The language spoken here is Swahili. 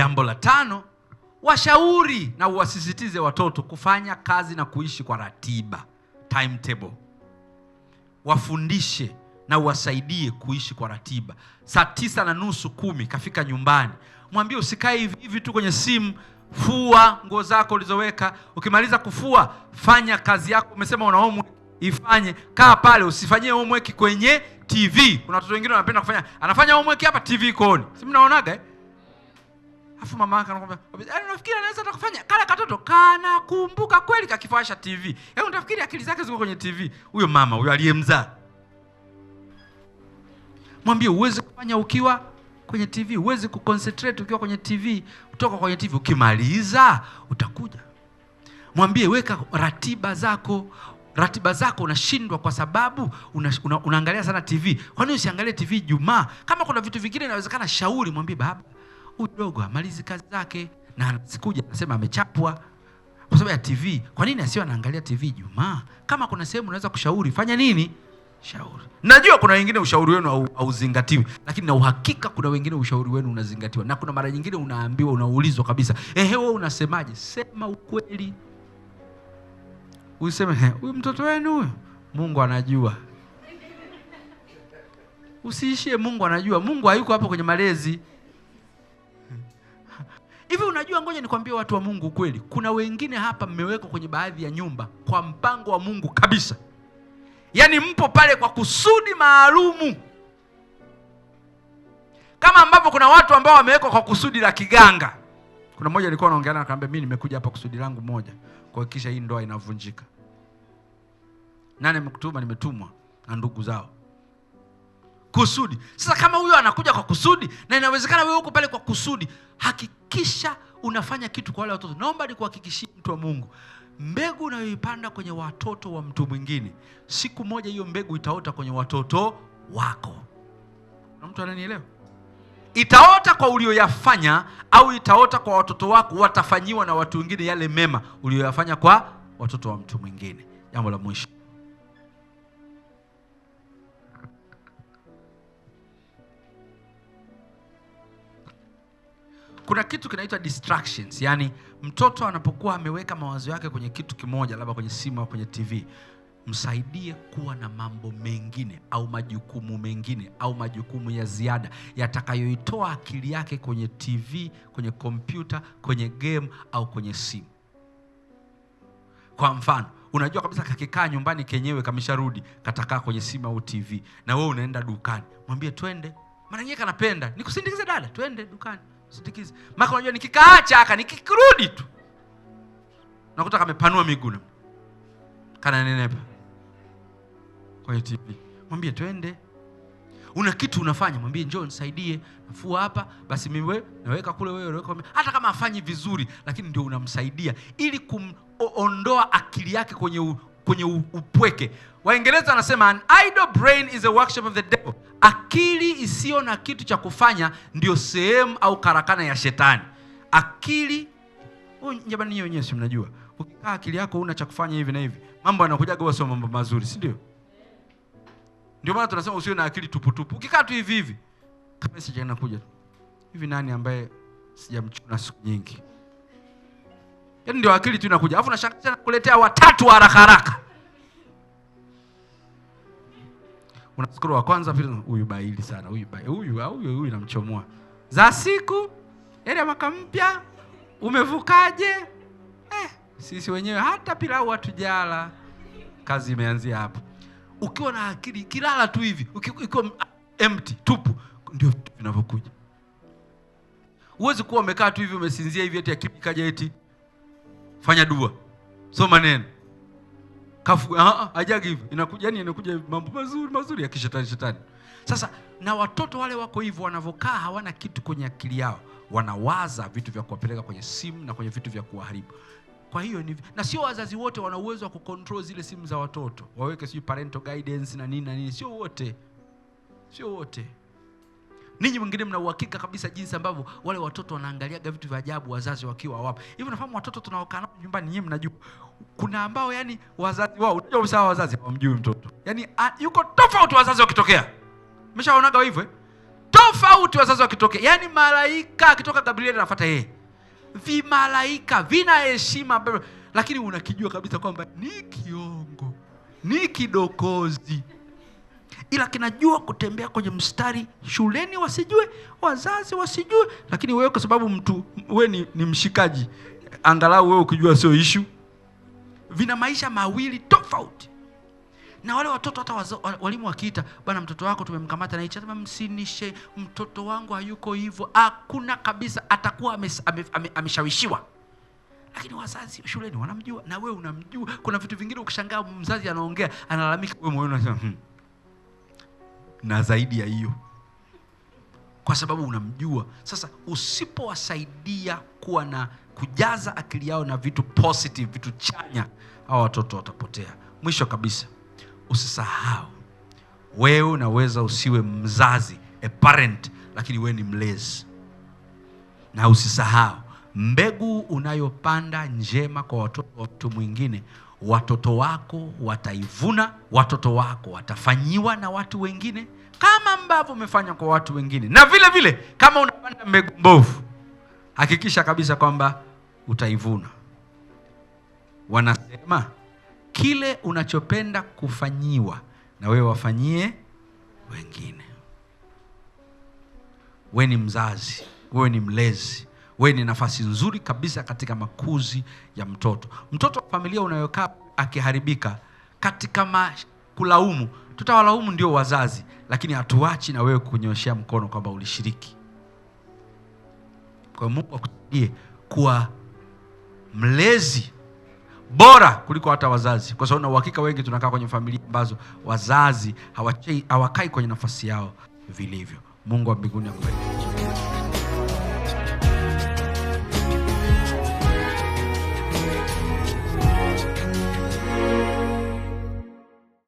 Jambo la tano, washauri na uwasisitize watoto kufanya kazi na kuishi kwa ratiba timetable. Wafundishe na uwasaidie kuishi kwa ratiba. Saa tisa na nusu kumi kafika nyumbani, mwambie usikae hivi hivi tu kwenye simu. Fua nguo zako ulizoweka, ukimaliza kufua fanya kazi yako. Umesema una homework, ifanye. Kaa pale, usifanyie homework kwenye TV. Kuna watoto wengine wanapenda kufanya, anafanya homework hapa, TV ikooni, si mnaonaga eh? afu mama yake anakuambia yaani unafikiri anaweza atakufanya kala katoto kanakumbuka kweli kakifuasha tv yaani unafikiri akili zake ziko kwenye tv huyo mama huyo aliyemzaa mwambie uweze kufanya ukiwa kwenye tv uweze kuconcentrate ukiwa kwenye tv kutoka kwenye tv ukimaliza utakuja mwambie weka ratiba zako ratiba zako unashindwa kwa sababu una, una, unaangalia sana tv kwa nini usiangalie tv jumaa kama kuna vitu vingine inawezekana shauri mwambie baba huyu dogo amalizi kazi zake na anasikuja anasema amechapwa kwa sababu ya TV. Kwa nini asiwe anaangalia TV Jumaa? Kama kuna sehemu unaweza kushauri, fanya nini? Shauri. Najua kuna wengine ushauri wenu hauzingatiwi, lakini na uhakika kuna wengine ushauri wenu unazingatiwa, na kuna mara nyingine unaambiwa, unaulizwa kabisa, ehe, wewe unasemaje? Sema ukweli, useme huyu mtoto wenu huyu, Mungu anajua. Usiishie Mungu anajua. Mungu hayuko hapo kwenye malezi. Hivi unajua, ngoja nikwambie watu wa Mungu kweli, kuna wengine hapa mmewekwa kwenye baadhi ya nyumba kwa mpango wa Mungu kabisa, yaani mpo pale kwa kusudi maalumu, kama ambavyo kuna watu ambao wamewekwa kwa kusudi la kiganga. Kuna mmoja alikuwa anaongea na akaniambia, mimi nimekuja hapa kusudi langu moja, kuhakikisha hii ndoa inavunjika. nane amekutuma? Nimetumwa na ndugu zao kusudi. Sasa kama huyo anakuja kwa kusudi, na inawezekana wewe uko pale kwa kusudi, haki kisha unafanya kitu kwa wale watoto. Naomba nikuhakikishie mtu wa Mungu, mbegu unayoipanda kwenye watoto wa mtu mwingine, siku moja hiyo mbegu itaota kwenye watoto wako. Na mtu ananielewa? Itaota kwa ulioyafanya au itaota kwa watoto wako, watafanyiwa na watu wengine yale mema uliyoyafanya kwa watoto wa mtu mwingine. Jambo la mwisho kuna kitu kinaitwa distractions, yani mtoto anapokuwa ameweka mawazo yake kwenye kitu kimoja, labda kwenye simu au kwenye TV, msaidie kuwa na mambo mengine au majukumu mengine au majukumu ya ziada yatakayoitoa akili yake kwenye TV, kwenye kompyuta, kwenye game au kwenye simu. Kwa mfano, unajua kabisa kakikaa nyumbani kenyewe kamesharudi katakaa kwenye simu au TV, na wewe unaenda dukani, mwambie twende, mara nyingi kanapenda nikusindikize dada, twende dukani sindikiza. Maka unajua nikikaacha chaka nikikirudi tu nakuta kamepanua miguu kananenepa kwenye TV. Mwambie twende. Una kitu unafanya, mwambie njo nisaidie, nafua hapa, basi mimi naweka kule, wewe Hata kama afanyi vizuri, lakini ndio unamsaidia ili kuondoa akili yake kwenye u, kwenye u, upweke. Waingereza wanasema an idle brain is a workshop of the devil. Akili isiyo na kitu cha kufanya ndio sehemu au karakana ya shetani. Akili jamani, nyinyi wenyewe si mnajua, ukikaa akili yako una cha kufanya hivi na hivi, mambo yanakujaga huwa sio mambo mazuri, si ndio? Ndio maana tunasema usiwe na akili tuputupu. Ukikaa tu hivi hivi, message inakuja tu hivi, nani ambaye sijamchuna siku nyingi? Yaani ndio akili tu inakuja, alafu unashangaa kuletea watatu haraka haraka una wa kwanza vile huyu baili sana huyu huyu huyu huyu namchomoa za siku ya mwaka mpya umevukaje? Eh, sisi wenyewe hata pilau hatujala. Kazi imeanzia hapo. Ukiwa na akili kilala tu hivi, ukiwa empty tupu, ndio vinavyokuja. Huwezi kuwa umekaa tu hivi umesinzia hivi eti akili kaja eti fanya dua, soma neno kafu ah, ah, inakuja yani, inakuja mambo mazuri mazuri ya kishetani shetani. Sasa na watoto wale wako hivyo, wanavyokaa hawana kitu kwenye akili yao, wanawaza vitu vya kuwapeleka kwenye simu na kwenye vitu vya kuwaharibu. Kwa hiyo ni na sio wazazi wote wana uwezo wa kucontrol zile simu za watoto, waweke sijui parental guidance na nini na nini, sio wote, sio wote. Ninyi wengine mna uhakika kabisa jinsi ambavyo wale watoto wanaangaliaga vitu vya ajabu wazazi wakiwa wapo. Hivi nafahamu watoto tunaokaa nao nyumbani, nyinyi mnajua. Kuna ambao yani wazazi wao, unajua usawa wazazi hawamjui mtoto. Yaani yuko tofauti wazazi wakitokea. meshaonaga hivyo? Eh? Tofauti wazazi wakitokea. Yaani malaika akitoka Gabriel anafuata yeye. Vimalaika vina heshima lakini unakijua kabisa kwamba ni kiongo, ni kidokozi ila kinajua kutembea kwenye mstari, shuleni wasijue, wazazi wasijue, lakini wewe kwa sababu mtu we ni, ni mshikaji, angalau wewe ukijua sio ishu. Vina maisha mawili tofauti na wale watoto hata walimu wakiita, bwana, mtoto wako tumemkamata na hicho msinishe, mtoto wangu hayuko hivyo, hakuna kabisa, atakuwa ameshawishiwa ame, ame, ame. Lakini wazazi shuleni wanamjua na wewe unamjua. Kuna vitu vingine ukishangaa mzazi anaongea analalamika, wewe moyoni unasema hmm na zaidi ya hiyo, kwa sababu unamjua. Sasa usipowasaidia kuwa na kujaza akili yao na vitu positive, vitu chanya, hawa watoto watapotea. Mwisho kabisa, usisahau wewe unaweza usiwe mzazi a parent, lakini wewe ni mlezi, na usisahau mbegu unayopanda njema kwa watoto wa mtu mwingine watoto wako wataivuna, watoto wako watafanyiwa na watu wengine kama ambavyo umefanya kwa watu wengine. Na vile vile kama unapanda mbegu mbovu, hakikisha kabisa kwamba utaivuna. Wanasema kile unachopenda kufanyiwa na wewe wafanyie wengine. Wewe ni mzazi, wewe ni mlezi, wewe ni nafasi nzuri kabisa katika makuzi ya mtoto. Mtoto wa familia unayokaa akiharibika katika ma kulaumu, tutawalaumu ndio wazazi, lakini hatuachi na wewe kunyoshea mkono kwamba ulishiriki. Kwa Mungu akusaidie kuwa mlezi bora kuliko hata wazazi, kwa sababu na uhakika wengi tunakaa kwenye familia ambazo wazazi hawakai kwenye nafasi yao vilivyo. Mungu wa mbinguni akubariki.